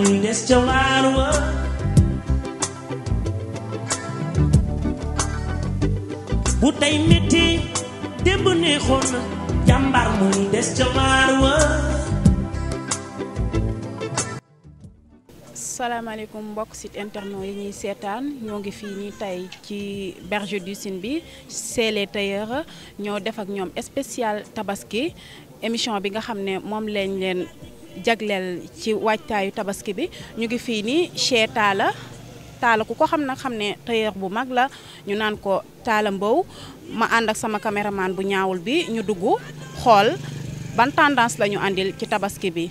xamul ñu des ca waar wa bu tey metti mbokk site internet yi ñuy seetaan ñoo ngi fii nii tey ci berge du Sine bi c'est les tailleurs ñoo def ak ñoom spécial tabaski émission bi nga xam ne moom lañ leen jagleel ci waajtaayu tabaski bi ñu ngi fii nii chez taala taala ku ko xam na xam ne tailleur bu mag la ñu naan ko taala Mbow ma ànd ak sama caméraman bu ñaawul bi ñu dugg xool ban tendance la àndil ci tabaski bi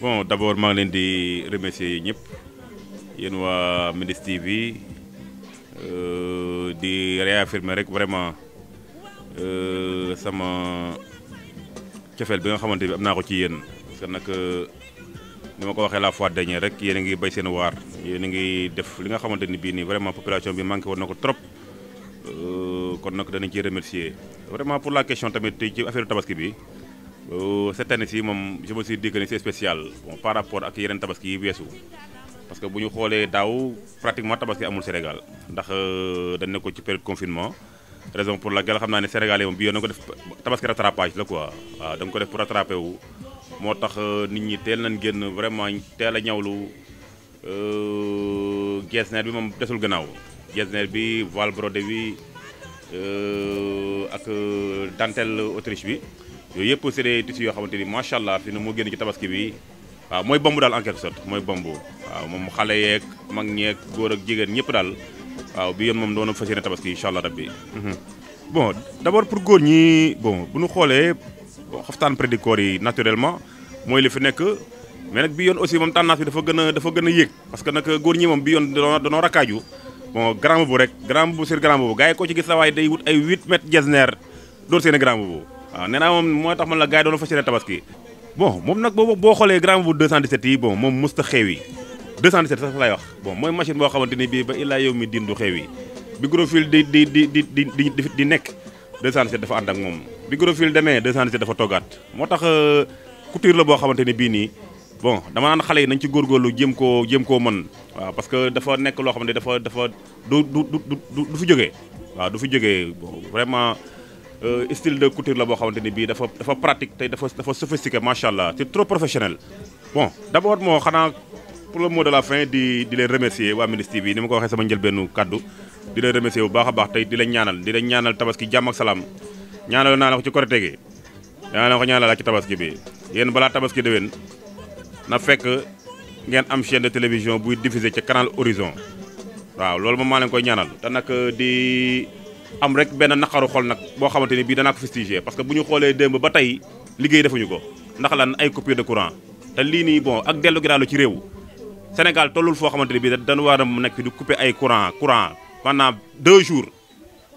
bon d'abord maa ngi leen di remercier ñëpp yéen waa Mindiss TV bi euh, di réaffirmer rek vraiment Euh, sama cofeel bi nga xamante bi am naa ko ci yéen parce que nag euh, ni ma ko waxee la fois de dernière rek yéen a ngi bay seen waar yéen a ngi def li nga xamante ni bii nii vraiment population bi manqué woon na ko trop euh, kon nag danañ ciy remercier vraiment pour la question tamit ci affaire tabaski bi cette année ci moom je si suis dit que ni c'est spécial par rapport ak yeneen tabaski yi parce que bu ñu xoolee daaw pratiquement tabaski amul Sénégal ndax dañ ne ko ci période confinement raison pour la laquelle xam naa ne sénégalais moom bi yoon da nga ko def tabaski rattrapage la quoi waaw da ko def pour rattrapé wu moo tax euh, nit ñi teel nañ génn vraiment teel a ñawlu geesneer euh, bi moom desul gannaaw geesneer bi voile brodé bi euh, ak dantel autriche bi yooyu yëpp c'est des tissus yoo xamante ni macha allah fi na moo génn ci tabaski bi waaw mooy bomb daal en quelque sorte mooy bomb waaw moom xale yeeg mag ñeeg góor ak jigéen ñëpp daal waaw bi yoon moom doon na fas yéene tabaski incha allah rabbi bon d' abord pour góor ñi bon bu ñu xoolee xaftaan prédicor yi naturellement mooy li fi nekk mais nag bi yoon aussi moom tendance bi dafa gën a dafa gën a yéeg parce que nag góor ñi moom bi yoon danoo danoo rakkaaju bon bu boobu rek grand boobu sur grand boobu gars yi koo ci gis la waaye day wut ay 8 mètres jesner door seen i grand boobu waaw nee naa moom moo tax man la gars yi doon xoolee grand boobu 217 yi bon moom musta 217 sax laay wax bon mooy machine boo xamante ni bii ba illaa yow mi dindu xew yi bi Grofil di di di di di di nekk 217 dafa ànd ak moom bi Grofil demee 217 dafa toggaat moo tax euh, couture la boo xamante ni bii nii bon dama naan xale yi nañ ci góorgóorlu jëm koo jëm koo mën waaw parce que dafa nekk loo xam ne dafa dafa du du du du du fi jógee waaw du fi jóge bon vraiment euh, style de couture la boo xamante ni bii dafa dafa pratique tey dafa dafa sophistiqué macha allah c'est trop professionnel bon pour le mot de la fin di di leen remercier waa Mindiss TV ni ma ko waxee sama njëlbeenu kaddu di leen remercier bu baax a baax di leen ñaanal di leen ñaanal tabaski jàmm ak salaam ñaanal naa la ko ci korite gi yaa la ko ñaanal ak ci tabaski bi yéen balaa tabaski déwén na fekk ngeen am chaîne de télévision buy diffusé ca canal orison waaw loolu moom maa leen koy ñaanal te nag euh, di am rek benn naqaru xol nag boo xamante ni bii danaa ko fustiger parce que bu ñu xoolee démb ba tey liggéey defuñu ko ndax lan ay coupure de courant te lii nii bon ak dellu ci réew Sénégal tollul foo xamante ne bii dañu war a nekk fi di couper ay courant courant pendant deux jours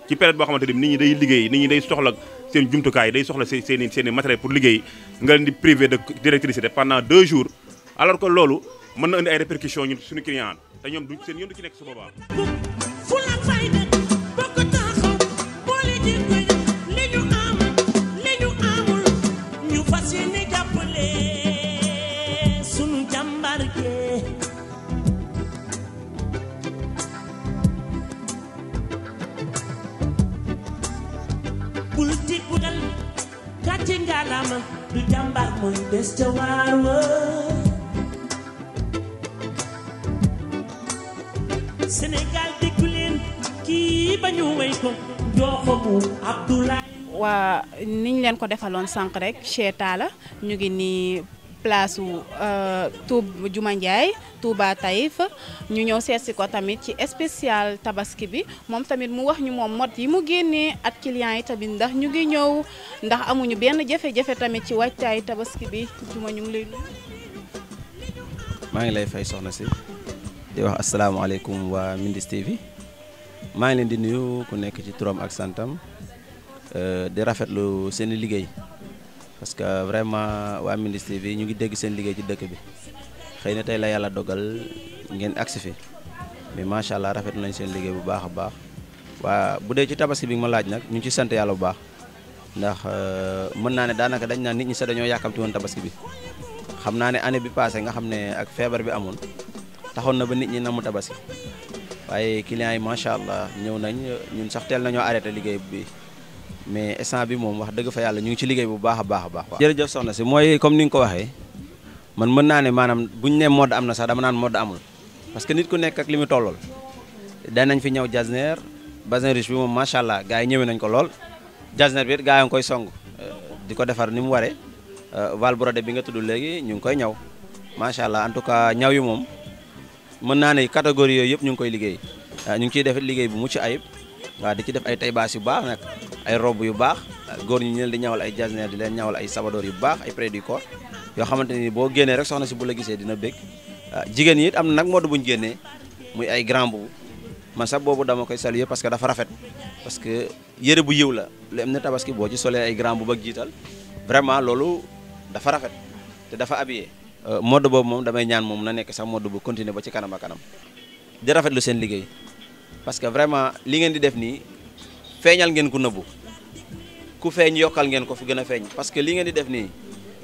ci période boo xamante ne nit ñi day liggéey nit ñi day soxla seen jumtukaay day soxla seen seen i seen i matériel pour liggéey nga leen di privé de d'électricité pendant deux jours alors que loolu mën na indi ay répercussions ñun suñu client te ñoom du seen yoon du ci nekk su boobaa. ci ngalaama du jàmbaar mooy des ca waar wa Sénégal déggu leen kii ba ñu wéy ko jooxamu Abdoulaye waa niñ leen ko defaloon sànq rek Cheikh Talla ñu ngi nii place su euh, Toub Juma Ndiaye Touba Taïf ñu ñëw seet ko tamit ci spécial tabaski bi moom tamit mu wax ñu moom mot yi mu génnee at clients yi tamit ndax ñu ngi ñëw ndax amuñu benn jafe-jafe tamit ci wàccaay tabaski bi juma ñu ngi lay nuyu. maa ngi lay fay soxna si di wax asalaamaaleykum waa Mindiss TV maa ngi leen di nuyu ku nekk ci turam ak santam euh, di rafetlu seen i liggéey. parce que vraiment waa ministre bi ñu ngi dégg seen liggéey ci dëkk bi xëy na tey la yàlla dogal ngeen agsi fi mais macha allah rafet nañ seen liggéey bu baax a baax waa bu dee ci tabaski bi ma laaj nag ñu ngi ci sant yàlla bu baax ndax euh, mën naa ne daanaka dañ naan nit ñi sax dañoo yàkkamti woon tabaski bi xam naa ne année bi passé nga xam ne ak feebar bi amoon taxoon na ba nit ñi namu tabaski waaye clients yi macha allah ñëw nañ ñun sax teel nañoo arrêté liggéey bi. mais instant bi moom wax dëgg fa yàlla ñu ngi ci liggéey bu baax a baax a baax. jërëjëf soxna si mooy comme ni nga ko waxee man mën naa ne maanaam bu ñu nee mode am na sax dama naan mode amul parce que nit ku nekk ak li mu tollool nañ fi ñëw jasner basin riche bi moom macha allah gars yi ñëwee nañ ko lool jasner bi it gars yi ngi koy song euh, di ko defar ni mu waree euh, val brodé bi nga tuddu léegi ñu ngi koy ñaw macha allah en tout cas ñaw yi moom mën naa ne catégorie yooyu yëpp ñu ngi koy liggéey euh, ñu ngi ciy def liggéey bu mucc ayib waaw di ci ay taybaas yu baax nag. ay robe yu baax góor ñi ñu leen di ñawal ay jasneer di leen ñawal ay sabadoor yu baax ay près du corps yoo xamante ni boo génnee rek soxna si bu la gisee dina bëgg ah, jigéen ñi it am na nag mode buñ génnee muy ay grand boubou man sax boobu dama koy saluer parce que dafa rafet parce que yére bu yiw la lu am ne tabaski boo ci solee ay grand boubou ak jiital vraiment loolu dafa rafet te dafa habillé euh, mode boobu moom damay ñaan moom na nekk sax mode bu continuer ba ci kanam a kanam di rafetlu seen liggéey parce que vraiment li ngeen di def nii feeñal ngeen ko nëbbu ku feeñ yokkal ngeen ko fi gën a feeñ parce que li ngeen di def nii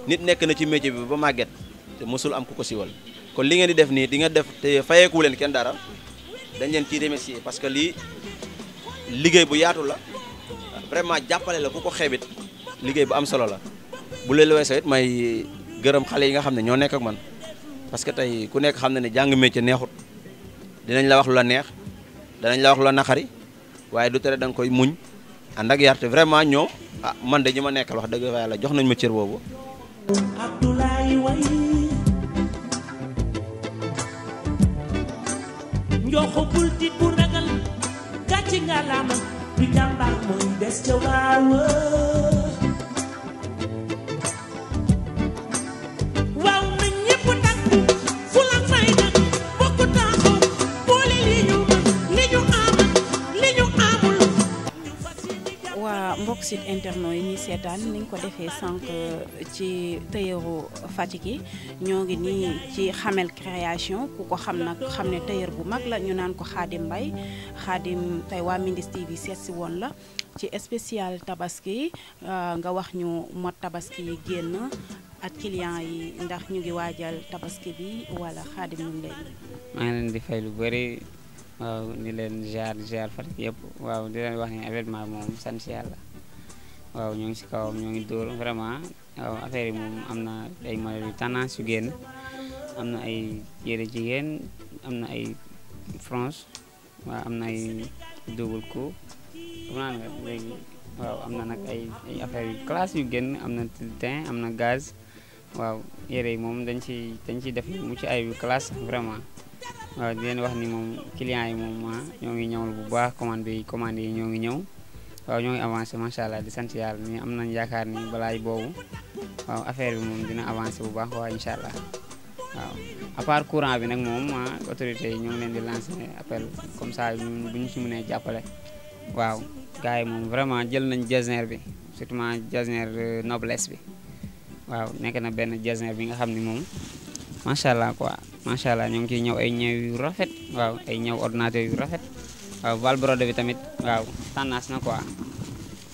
nit nekk na ci métier bi ba màgget te mosul am ku ko siwal kon li ngeen di def nii dinga def te fayeeku leen kenn dara dañ leen ciy remercier parce que lii liggéey bu yaatu la vraiment jàppale la ku ko xeebit liggéey bu am solo la bu leen weesoo it may gërëm xale yi nga xam ne ñoo nekk ak man parce que tey ku nekk xam na ne jàng métier neexut dinañ la wax lu la neex danañ la la naqari waaye du tere da nga koy muñ ànd ak yarte vraiment ñoom ah man de ñi ma nekkal wax dëgg fa yàlla jox nañ ma cër boobu. Abdoulaye Waye njoxo bul tiit bu ragal gàcce nga laama du jàmbaar mooy des ca waawa interno yi ñuy seetaan ni ñu ko defee sànq euh, ci tailleur Fatick yi ñoo ngi nii ci xamel création ku ko xam nag xam ne tailleur bu mag la ñu naan ko Xaadim Mbay Xaadim tey waa Mindiss TV seet si woon la ci spécial tabaski euh, nga wax ñu mot tabaski yi génn ak client yi ndax ñu ngi waajal tabaski bi wala Xaadim ñu ngi maa ngi leen di fay lu bëri. waaw ni leen jaar jaar Fatick yëpp waaw di leen wax ne événement moom sant la waaw ñoo ngi si kawam ñoo ngi dóor vraiment waaw affaire yi moom am na ay modèles yu tendance yu génn am na ay yére jigéen am na ay France waaw am na ay double coup am na nag ay ay yu classe yu génn am na tin am na gaz waaw yére yi moom dañ ci dañ ciy def mu ci ay yu classe vraiment waaw di wax ni moom client yi moom ma ah, ñoo ngi ñëwal bu baax commande bi yi ñoo ngi ñëw waaw ñoo ngi avancé macha allah di sant mi ni am nañ yaakaar ni balaay boobu waaw affaire bi moom dina avancer bu baax waaw incha allah waaw à courant bi nag moom ah, autorité yi ñoo ngi leen di lancé appel comme ça ñun bu ñu si mënee jàppale. waaw gars yi moom vraiment jël nañ jasner bi surtout jasner euh, noblesse bi waaw nekk na benn jasner bi nga xam ni moom macha allah quoi macha allah ñoo ngi ciy ñëw ay ñëw yu rafet waaw ay ñëw ordinateur yu rafet. waaw val brodé bi tamit waaw tendance na quoi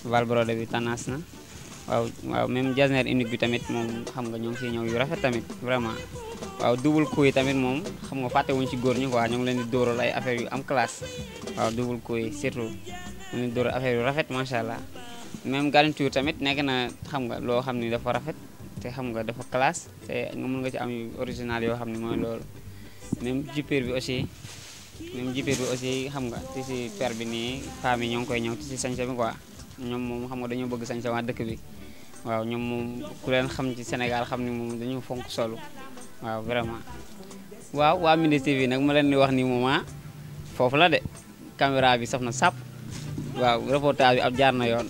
val brodé bi tendance na waaw waaw même jasner unique bi tamit moom xam nga ñoo ngi siy ñëw yu rafet tamit vraiment waaw double coup yi tamit moom xam nga fàtte wuñ si góor ñi quoi ñoo ngi leen di dóoral ay affaire yu am classe waaw double coup yi surtout ñu ngi dóoral affaire yu rafet macha allah même garniture tamit nekk na xam nga loo xam ni dafa rafet te xam nga dafa classe te nga mën nga ci am yu original yoo xam ne mooy loolu même même jipir bi aussi xam nga ti si per bi nii femme yi ñoo ngi koy ñëw ti si sañse bi quoi ñoom moom xam nga dañoo bëgg sañse waa dëkk bi waaw ñoom moom ku leen xam ci Sénégal xam ni moom dañoo fonk solu waaw vraiment waaw waa Mindiss bi nag ma leen di wax ni mooma ah, foofu la de caméra bi saf na sàpp waaw reportage bi ab jaar na yoon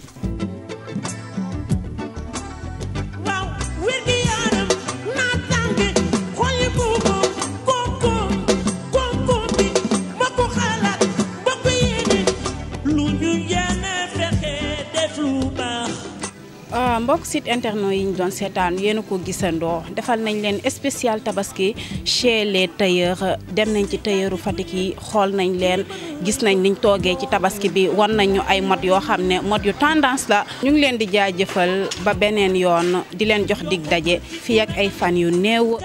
donc site internet yi ñu doon seetaan yéen ko gisandoo defal nañ leen spécial tabaski chez les dem nañ ci tailleuru Fatick yi xool nañ leen gis nañ niñ toogee ci tabaski bi war nañu ay mode yoo xam ne mot yu tendance la. ñu ngi leen di jëfal ba beneen yoon di leen jox dig daje fii ak ay fan yu néew.